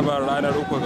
asabar ranar uku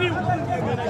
Baby!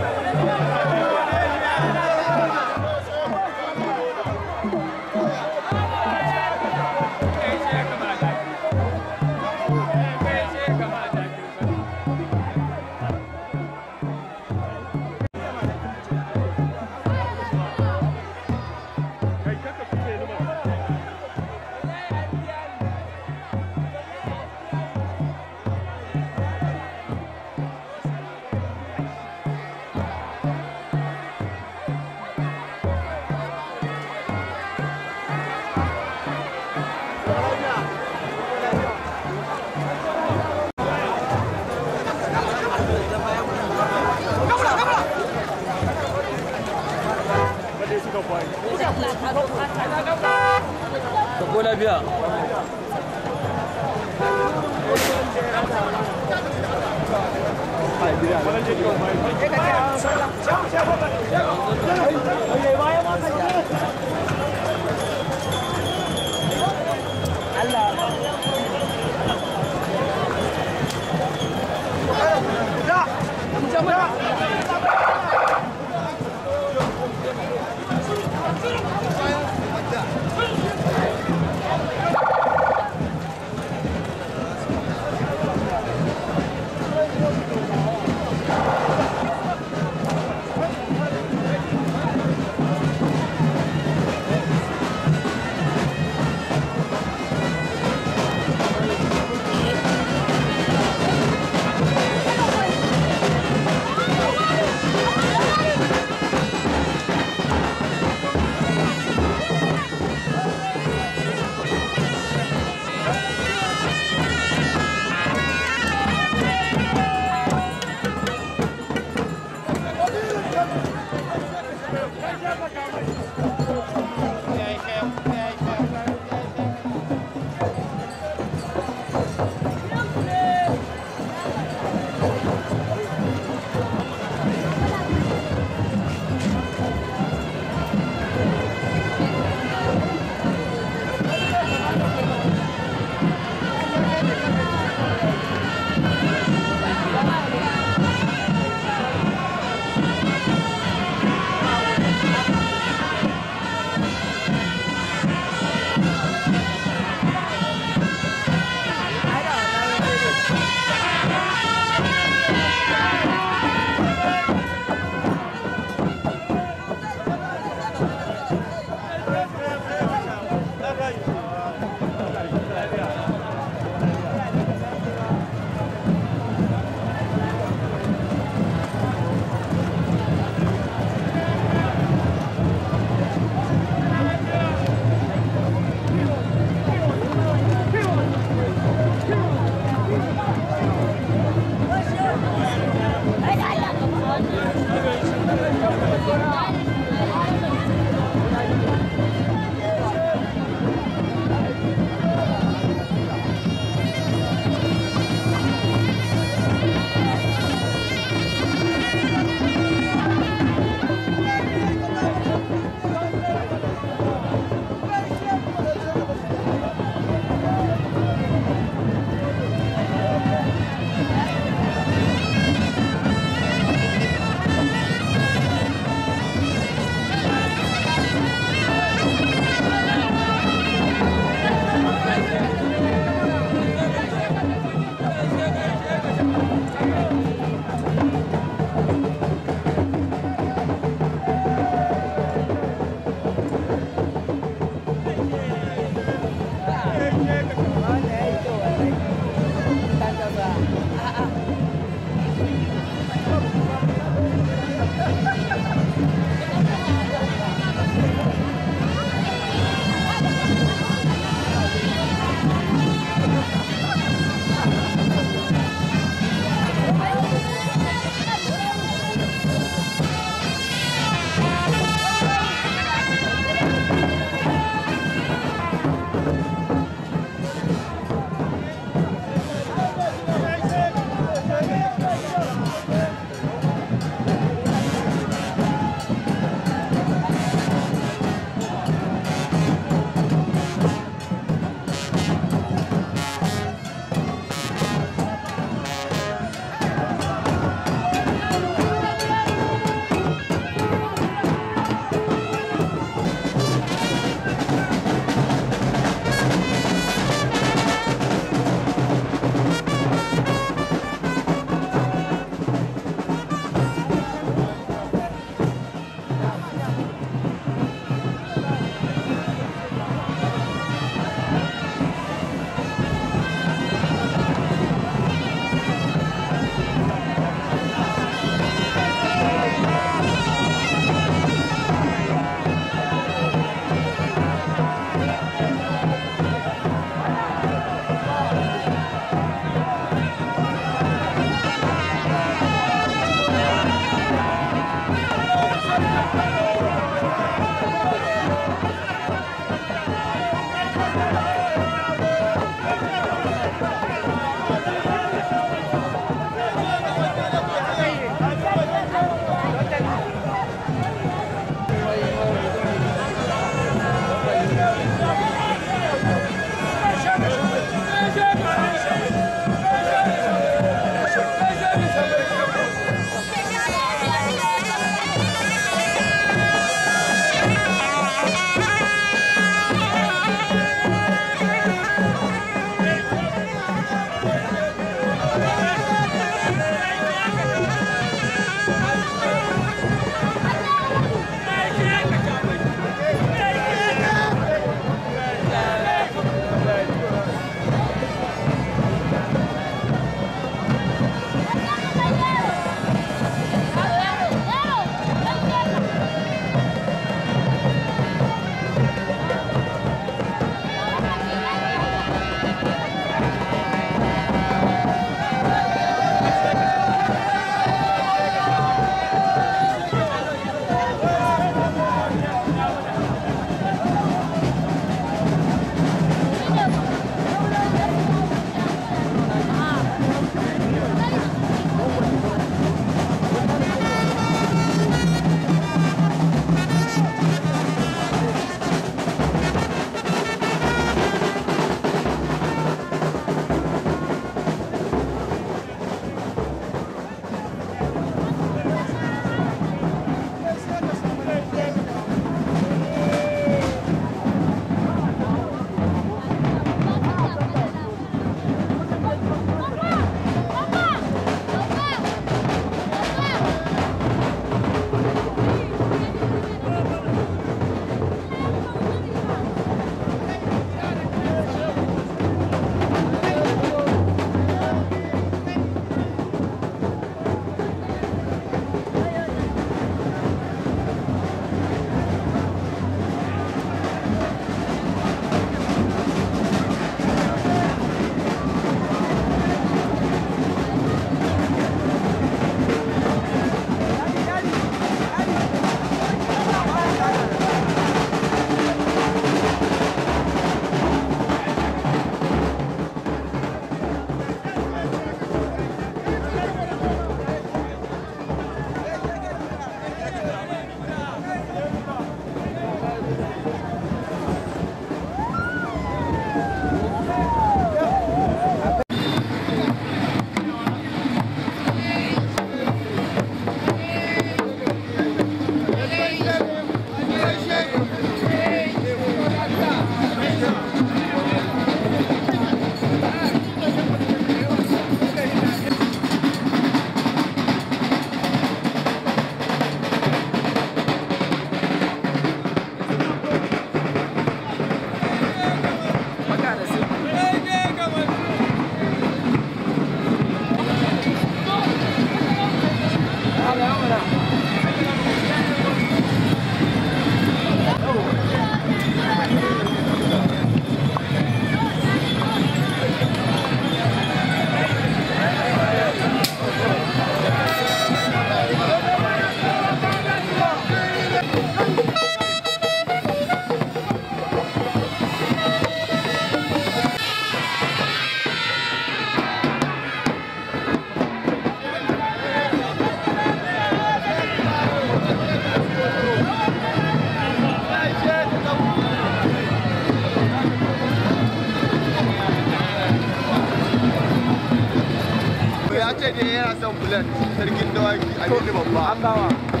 ne yana son bulan sarkin dawaki a babba.